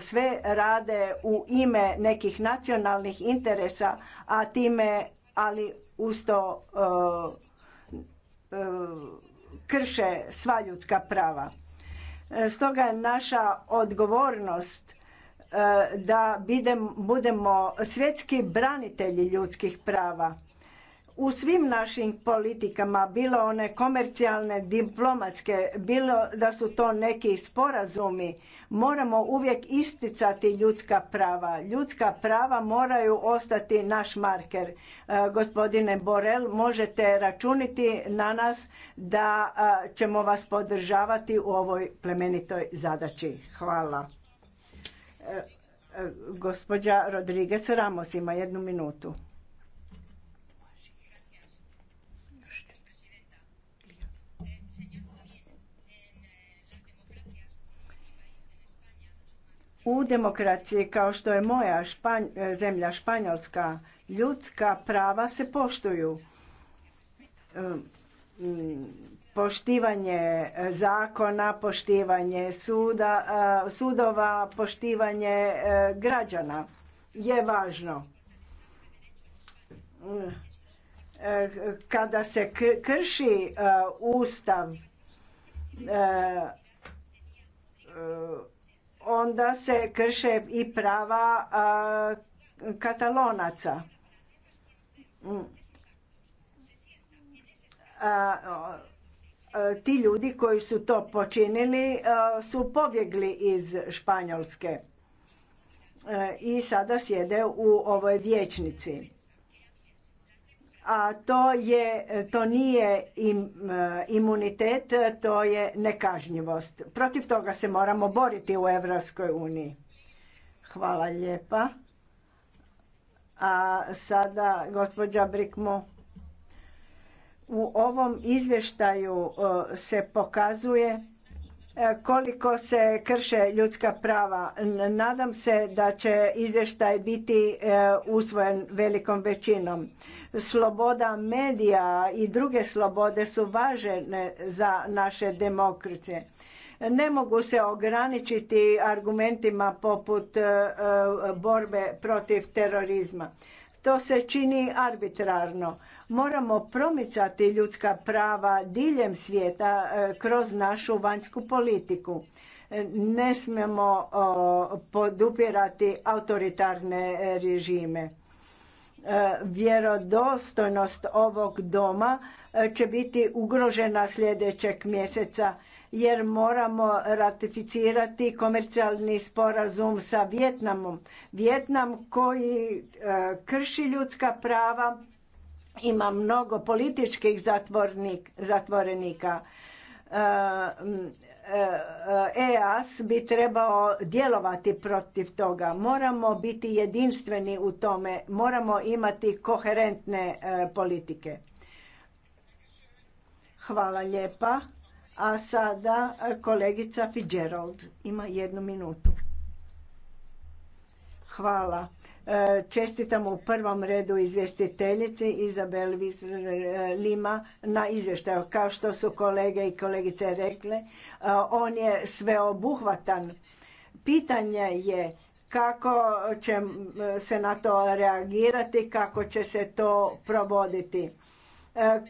sve rade u ime nekih nacionalnih interesa, a time ali usto e, e, krše sva ljudska prava. E, stoga je naša odgovornost da budemo svjetski branitelji ljudskih prava u svim našim politikama, bilo one komercijalne, diplomatske, bilo da su to neki sporazumi, moramo uvijek isticati ljudska prava. Ljudska prava moraju ostati naš marker. E, gospodine Borel, možete računiti na nas da e, ćemo vas podržavati u ovoj plemenitoj zadaći. Hvala. E, gospođa Rodriguez Ramos ima jednu minutu. U demokraciji kao što je moja e, zemlja Španjolska, ljudska prava se poštuju. E, poštivanje zakona, poštivanje suda, e, sudova, poštivanje građana je važno. Kada se krši ustav, onda se krše i prava katalonaca. Mm. Ti ljudi koji su to počinili su pobjegli iz Španjolske e, i sada sjede u ovoj vječnici a to, je, to nije eh, imunitet, to je nekažnjivost. Protiv toga se moramo boriti u Europskoj uniji. Hvala lijepa. A sada gospođa Brikmo. U ovom izvještaju eh, se pokazuje eh, koliko se krše ljudska prava. Nadam se da će izvještaj biti usvojen velikom većinom sloboda medija i druge slobode su važne za naše demokracije. Ne mogu se ograničiti argumentima poput e, borbe protiv terorizma. To se čini arbitrarno. Moramo promicati ljudska prava diljem svijeta e, kroz našu vanjsku politiku. Ne smemo podupirati autoritarne režime E, vjerodostojnost ovog doma e, će biti ugrožena sljedećeg mjeseca jer moramo ratificirati komercijalni sporazum sa Vjetnamom. Vjetnam koji e, krši ljudska prava ima mnogo političkih zatvornika. EAS e, e bi trebao djelovati protiv toga. Moramo biti jedinstveni u tome, moramo imati koherentne e, politike. Hvala lijepa. A sada kolegica Fitzgerald ima jednu minutu. Hvala. Čestitam u prvom redu izvjestiteljici Izabel Lima na izvještaju. Kao što su kolege i kolegice rekle, on je sveobuhvatan. Pitanje je kako će se na to reagirati, kako će se to provoditi. E,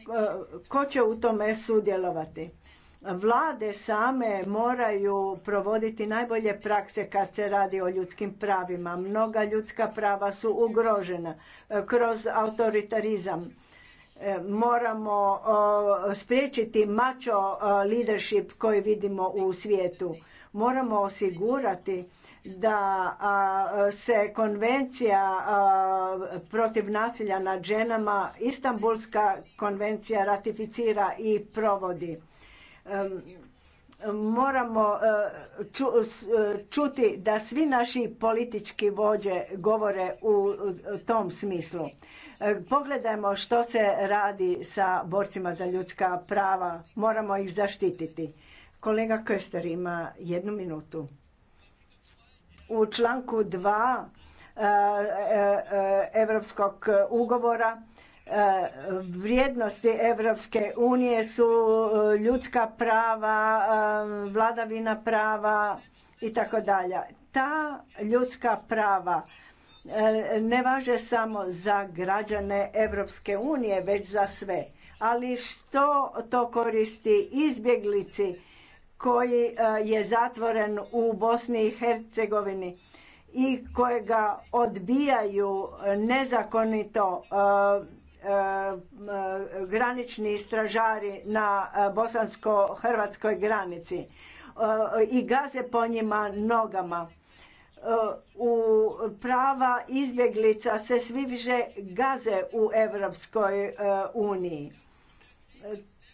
ko će u tome sudjelovati? Vlade same moraju provoditi najbolje prakse kad se radi o ljudskim pravima. Mnoga ljudska prava su ugrožena e, kroz autoritarizam E, moramo spriječiti mačo leadership koji vidimo u svijetu. Moramo osigurati da se konvencija protiv nasilja nad ženama, Istanbulska konvencija ratificira i provodi. Moramo e, e, čuti da svi naši politički vođe govore u tom smislu. E, pogledajmo što se radi sa borcima za ljudska prava. Moramo ih zaštititi. Kolega Köster ima jednu minutu. U članku 2 Europskog e, e, ugovora vrijednosti Evropske unije su ljudska prava, vladavina prava i tako dalje. Ta ljudska prava E, ne važe samo za građane Europske unije, već za sve. Ali što to koristi izbjeglici koji e, je zatvoren u Bosni i Hercegovini i kojega odbijaju nezakonito e, granični stražari na bosansko-hrvatskoj granici i gaze po njima nogama u prava izbjeglica se svi više gaze u Europskoj e, uniji.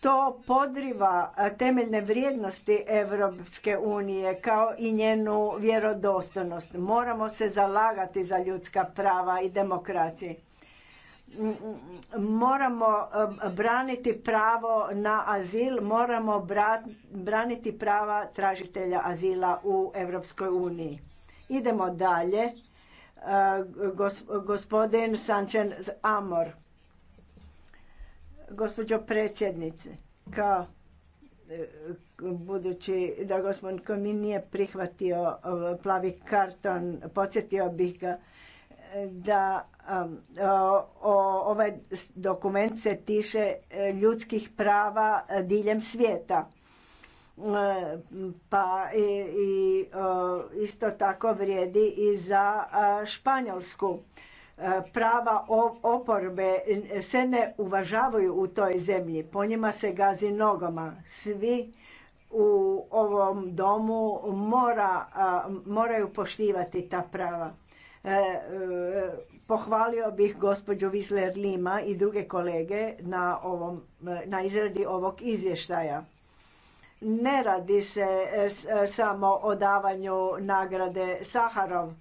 To podriva temeljne vrijednosti Europske unije kao i njenu vjerodostojnost. Moramo se zalagati za ljudska prava i demokraciju. Moramo e, braniti pravo na azil, moramo braniti prava tražitelja azila u Europskoj uniji. Idemo dalje. E, gospodin Sančen Amor. Gospođo predsjednice, kao e, budući da gospodin Komin nije prihvatio e, plavi karton, podsjetio bih ga da ovaj dokument se tiše ljudskih prava diljem svijeta pa i, e, isto tako vrijedi i za e, Španjolsku. E, prava oporbe se ne uvažavaju u toj zemlji, po njima se gazi nogama. Svi u ovom domu mora, moraju poštivati ta prava. Pohvalio bih gospođu Visler Lima i druge kolege na, ovom, na izradi ovog izvještaja ne radi se e, e, samo o davanju nagrade Saharov.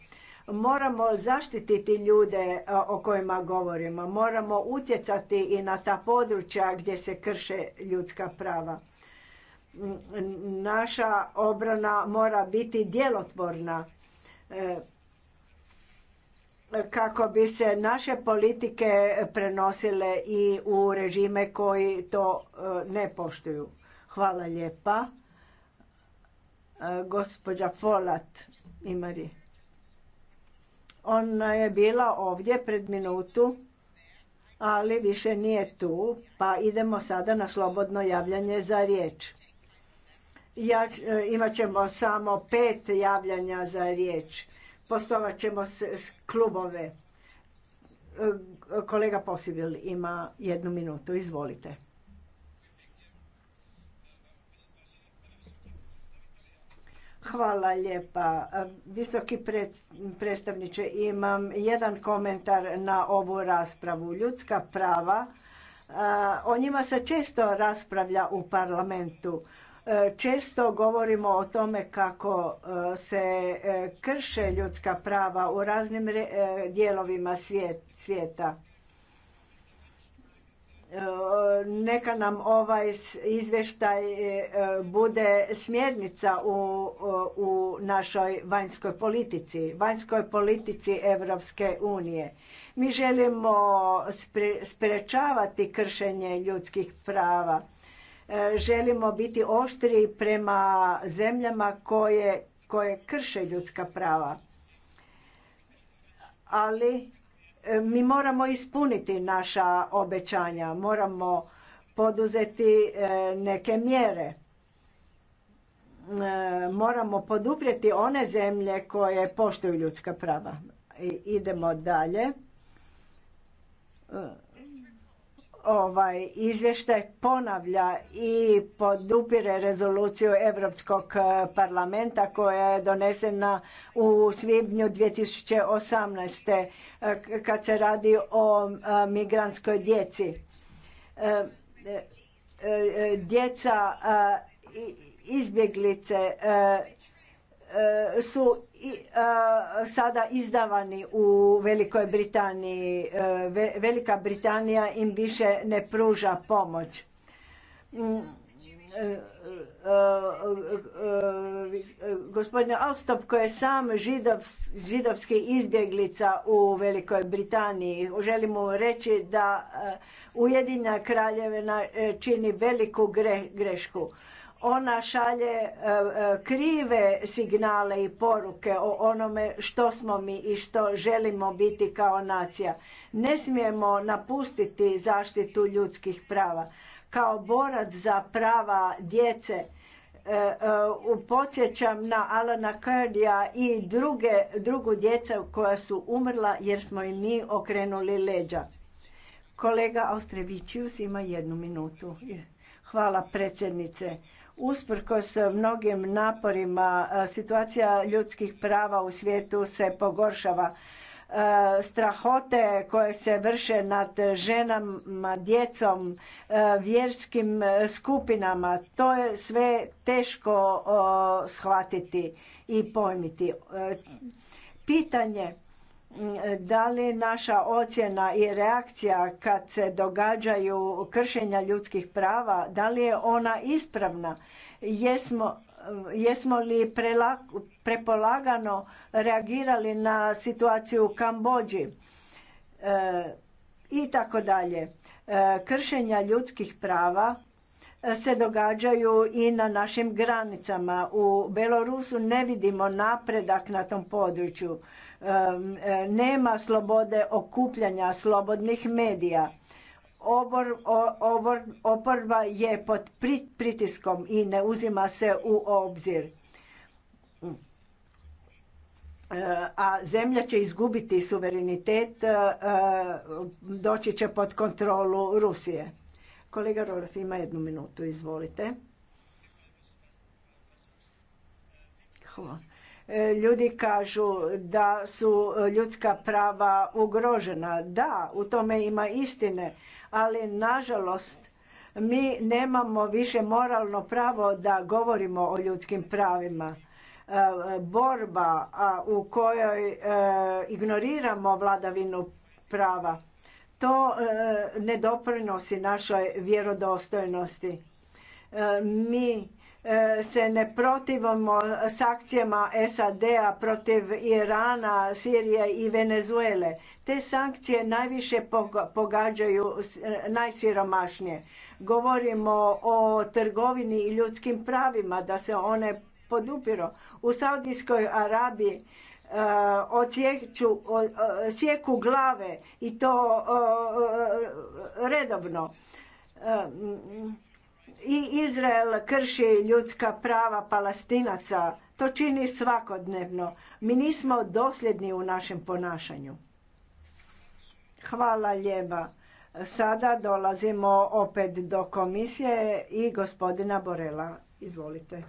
Moramo zaštititi ljude e, o kojima govorimo. Moramo utjecati i na ta područja gdje se krše ljudska prava. Naša obrana mora biti djelotvorna kako bi se naše politike prenosile i u režime koji to ne poštuju. Hvala lijepa. E, gospođa Folat Imari. Ona je bila ovdje pred minutu, ali više nije tu, pa idemo sada na slobodno javljanje za riječ. Ja, e, imat ćemo samo pet javljanja za riječ. Postovat ćemo s, klubove. E, kolega Posibil ima jednu minutu, izvolite. Hvala lijepa. E, visoki predstavniče, imam jedan komentar na ovu raspravu. Ljudska prava, e, o njima se često raspravlja u parlamentu. E, često govorimo o tome kako se krše ljudska prava u raznim dijelovima svijeta neka nam ovaj izvještaj e, bude smjernica u, našoj vanjskoj politici, vanjskoj politici Europske unije. Mi želimo sprečavati kršenje ljudskih prava. E, želimo biti oštri prema zemljama koje, koje krše ljudska prava. Ali mi moramo ispuniti naša obećanja, moramo poduzeti e, neke mjere. E, moramo poduprijeti one zemlje koje poštuju ljudska prava. Idemo dalje. E, ovaj izvještaj ponavlja i podupire rezoluciju Europskog eh, parlamenta koja je donesena u svibnju 2018. Eh, kad se radi o eh, migrantskoj djeci. Djeca izbjeglice E, su e, sada izdavani u Velikoj Britaniji. E, Velika Britanija im više ne pruža pomoć. Mm, Gospodin Alstop koji je sam židovski izbjeglica u Velikoj Britaniji. Želim reći da Ujedinja kraljevina čini veliku grešku ona šalje e, e, krive signale i poruke o onome što smo mi i što želimo biti kao nacija. Ne smijemo napustiti zaštitu ljudskih prava. Kao borac za prava djece e, podsjećam na Alana Kardija i drugu djecu koja su umrla jer smo i mi okrenuli leđa. Kolega Austrevićius ima jednu minutu. Hvala predsjednice. Usprkos mnogim naporima e, situacija ljudskih prava u svijetu se pogoršava. E, strahote koje se vrše nad ženama, djecom, e, vjerskim skupinama, to je sve teško shvatiti i pojmiti. Pitanje da li naša ocjena i reakcija kad se događaju kršenja ljudskih prava, da li je ona ispravna? Jesmo, jesmo li prepolagano reagirali na situaciju u Kambođi? E, I tako dalje. E, kršenja ljudskih prava e, se događaju i na našim granicama. U Belorusu ne vidimo napredak na tom području. E, nema slobode okupljanja slobodnih medija. Obor, oporba je pod pritiskom i ne uzima se u obzir. E, a zemlja će izgubiti suverenitet, e, doći će pod kontrolu Rusije. Kolega Rorof ima jednu minutu, izvolite. Hvala. E, ljudi kažu da su ljudska prava ugrožena. Da, u tome ima istine, ali nažalost mi nemamo više moralno pravo da govorimo o ljudskim pravima. E, borba u kojoj e, ignoriramo vladavinu prava, to ne doprinosi našoj vjerodostojnosti. Mi se ne protivimo sankcijama SAD-a protiv Irana, Sirije i Venezuele. Te sankcije najviše pogađaju najsiromašnije. Govorimo o trgovini i ljudskim pravima, da se one podupiro. U Saudijskoj Arabiji eh, eh, sjeku glave i to eh, redovno i Izrael krši ljudska prava palestinaca. To čini svakodnevno. Mi nismo dosljedni u našem ponašanju. Hvala lijepa. Sada dolazimo opet do komisije i gospodina Borela. Izvolite.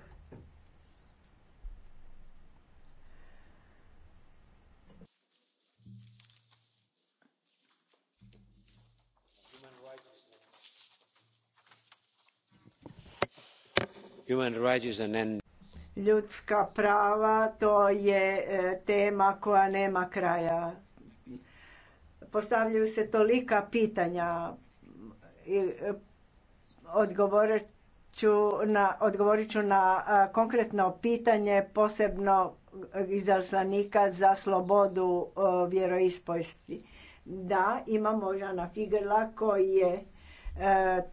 Ljudska prava to je e, tema koja nema kraja. Postavljaju se tolika pitanja i e, odgovorit ću na, odgovorit ću na e, konkretno pitanje posebno izaslanika za slobodu vjeroispojstvi. Da, imamo Žana Figela koji je E, e,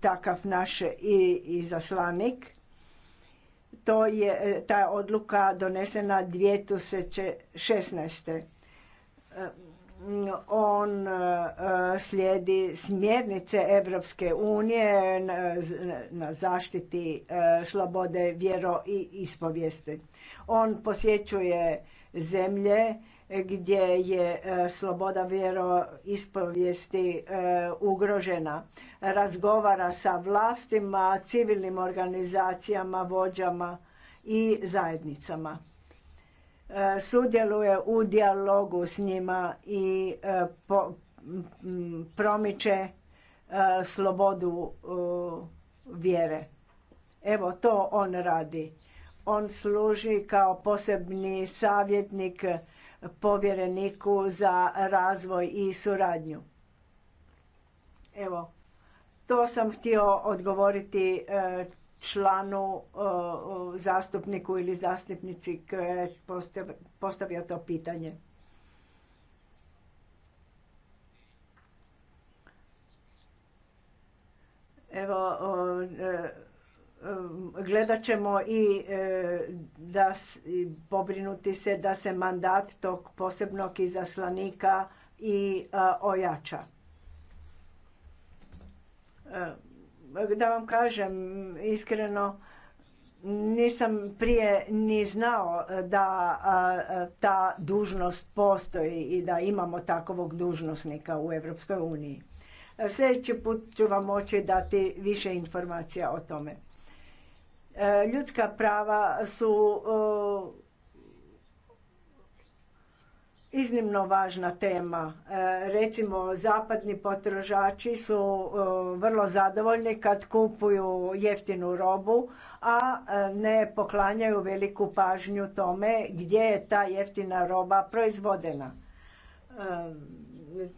takav naš i zaslanik. To je e, ta odluka donesena 2016. On slijedi smjernice Evropske unije na zaštiti slobode vjero i ispovijesti. On posjećuje zemlje gdje je e, sloboda vjero ispovijesti e, ugrožena. Razgovara sa vlastima, civilnim organizacijama, vođama i zajednicama. E, sudjeluje u dijalogu s njima i promiče slobodu vjere. Evo to on radi. On služi kao posebni savjetnik povjereniku za razvoj i suradnju. Evo, to sam htio odgovoriti e, članu e, zastupniku ili zastupnici koja je postavio to pitanje. Evo, e, gledat ćemo i e, da pobrinuti se da se mandat tog posebnog izaslanika i e, ojača. Da vam kažem iskreno, nisam prije ni znao da ta dužnost postoji i da imamo takvog dužnosnika u Europskoj uniji. Sljedeći put ću vam moći dati više informacija o tome. E, ljudska prava su iznimno važna tema. E, recimo, zapadni potrošači su vrlo zadovoljni kad kupuju jeftinu robu, a e, ne poklanjaju veliku pažnju tome gdje je ta jeftina roba proizvodena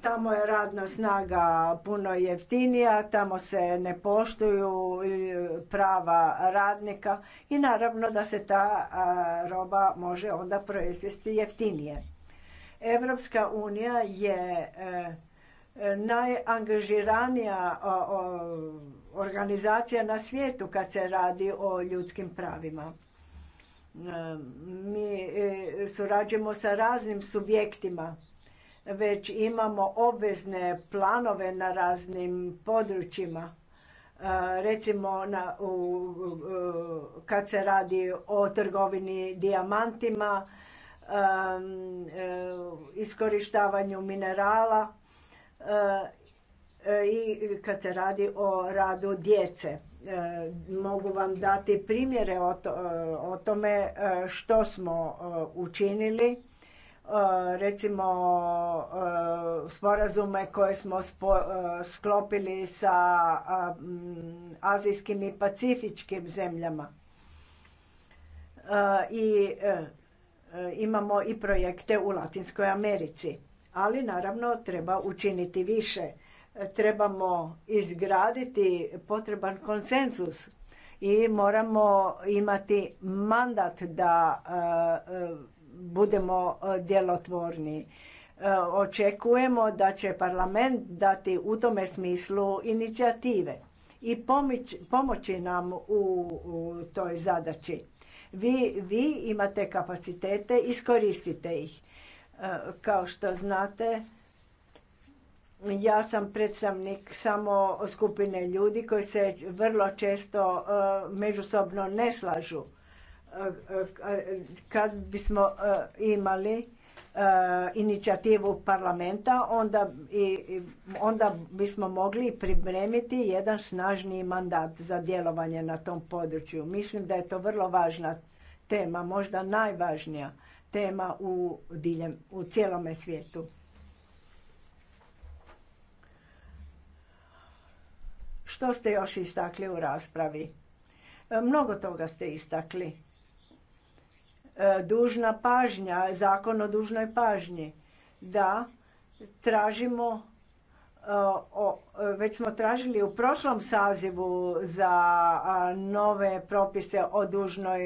tamo je radna snaga puno jeftinija, tamo se ne poštuju e, prava radnika i naravno da se ta roba može onda proizvesti jeftinije. Evropska unija je e, najangažiranija organizacija na svijetu kad se radi o ljudskim pravima. E, mi surađujemo sa raznim subjektima već imamo obvezne planove na raznim područjima. E, recimo kad se radi o trgovini dijamantima, e, iskorištavanju minerala e, i kad se radi o radu djece. Mogu vam dati primjere o tome što smo učinili E, recimo e, sporazume koje smo e, sklopili sa azijskim i pacifičkim zemljama. I imamo i projekte u Latinskoj Americi. Ali naravno treba učiniti više. Trebamo izgraditi potreban konsenzus i moramo imati mandat da budemo e, djelotvorni. E, očekujemo da će parlament dati u tome smislu inicijative i pomoći nam u, toj zadaći. Vi, vi imate kapacitete, iskoristite ih. E, kao što znate, ja sam predstavnik samo skupine ljudi koji se vrlo često međusobno ne slažu kad bismo eh, imali eh, inicijativu parlamenta onda, i, onda bismo mogli pripremiti jedan snažniji mandat za djelovanje na tom području. Mislim da je to vrlo važna tema, možda najvažnija tema u, diljem, u cijelome svijetu. Što ste još istakli u raspravi? Eh, mnogo toga ste istakli E, dužna pažnja, zakon o dužnoj pažnji. Da, tražimo, e, e, već smo tražili u prošlom sazivu za nove propise o dužnoj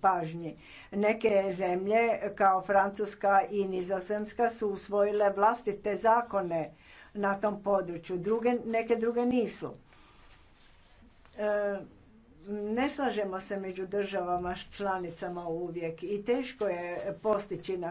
pažnji. Neke zemlje kao Francuska i Nizozemska su usvojile vlastite zakone na tom području, neke druge nisu ne slažemo se među državama članicama uvijek i teško je postići naš